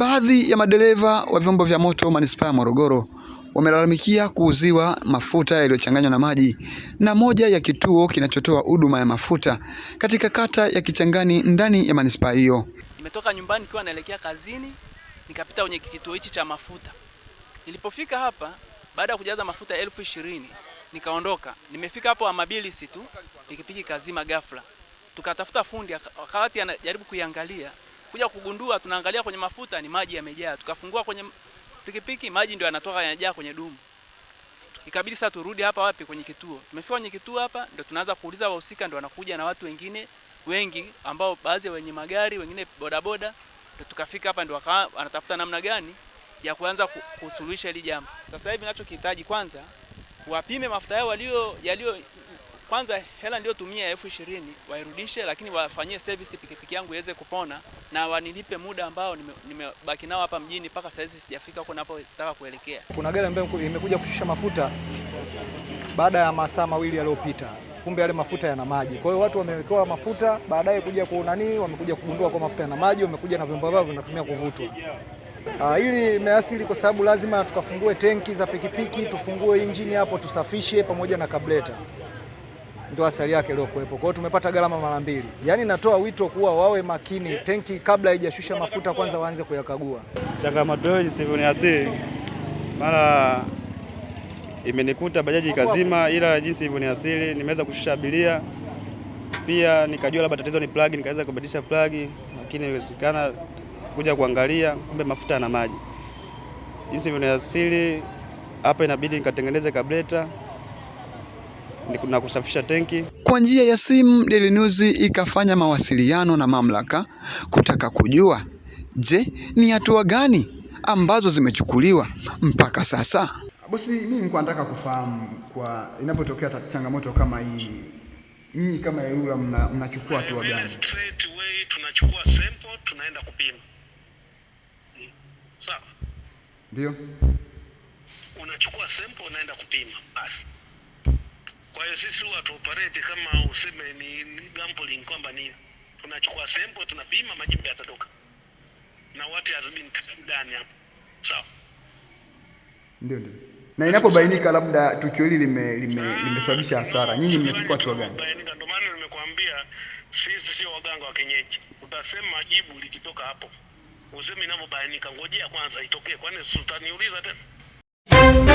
Baadhi ya madereva wa vyombo vya moto manispaa ya Morogoro wamelalamikia kuuziwa mafuta yaliyochanganywa na maji na moja ya kituo kinachotoa huduma ya mafuta katika kata ya Kichangani ndani ya manispaa hiyo. Nimetoka nyumbani nikiwa naelekea kazini, nikapita kwenye kituo hichi cha mafuta. Nilipofika hapa baada ya kujaza mafuta elfu ishirini nikaondoka. Nimefika hapo Amabilis tu, pikipiki kazima ghafla, tukatafuta fundi, wakati anajaribu kuiangalia kuja kugundua, tunaangalia kwenye mafuta ni maji yamejaa, tukafungua kwenye pikipiki maji ndio yanatoka yanajaa kwenye dumu. Ikabidi sasa turudi hapa wapi, kwenye kituo. Tumefika kwenye kituo hapa, ndio tunaanza kuuliza wahusika, ndio wanakuja na watu wengine wengi, ambao baadhi ya wenye magari, wengine bodaboda, ndio tukafika hapa, ndio wanatafuta namna gani ya kuanza kusuluhisha hili jambo. Sasa hivi ninachokihitaji kwanza wapime mafuta yao yaliyo kwanza hela ndio tumia elfu ishirini wairudishe, lakini wafanyie service pikipiki yangu iweze kupona na wanilipe muda ambao nimebaki nime nao hapa mjini, mpaka saizi sijafika huko napotaka kuelekea. Kuna gari ambayo imekuja kushusha mafuta baada ya masaa mawili yaliyopita, kumbe yale mafuta yana maji. Kwa hiyo watu wamewekewa mafuta, baadaye kuja kuunani, wamekuja kugundua kwa mafuta yana maji, wamekuja na vyombo vyao vinatumia kuvutwa. Uh, hili imeathiri kwa sababu lazima tukafungue tenki za pikipiki, tufungue injini hapo, tusafishe pamoja na kableta ndio asali yake iliyokuwepo. Kwa hiyo tumepata gharama mara mbili. Yaani natoa wito kuwa wawe makini, tenki kabla haijashusha mafuta kwanza waanze kuyakagua. Changamoto hiyo mara imenikuta bajaji ikazima, ila jinsi hivyo ni asili, nimeweza kushusha abiria pia nikajua labda tatizo ni plug, nikaweza kubadilisha plagi, lakini iliwezekana kuja kuangalia, kumbe mafuta na maji. Jinsi hivyo ni asili, hapa inabidi nikatengeneze kableta na kusafisha tenki. Kwa njia ya simu, Daily News ikafanya mawasiliano na mamlaka kutaka kujua, je, ni hatua gani ambazo zimechukuliwa mpaka sasa? Bosi, mimi nilikuwa nataka kufahamu kwa inapotokea changamoto kama hii nyinyi kama EWURA mnachukua mna hatua gani? Straight away tunachukua sample tunaenda kupima. Sawa. Ndio. Unachukua sample unaenda kupima. Basi. Kwa hiyo sisi huwa tuoperate kama useme ni, gambling kwamba ni tunachukua sample tunapima majibu yatatoka na what has been done hapo. Sawa. Ndio ndio. Na inapobainika labda tukio hili lime lime, ah, limesababisha hasara, nyinyi mmechukua hatua gani? Ndio maana nimekuambia sisi sio waganga wa kienyeji. Utasema majibu likitoka hapo. Useme inavyobainika, ngojea kwanza itokee, kwani sultani uliza tena.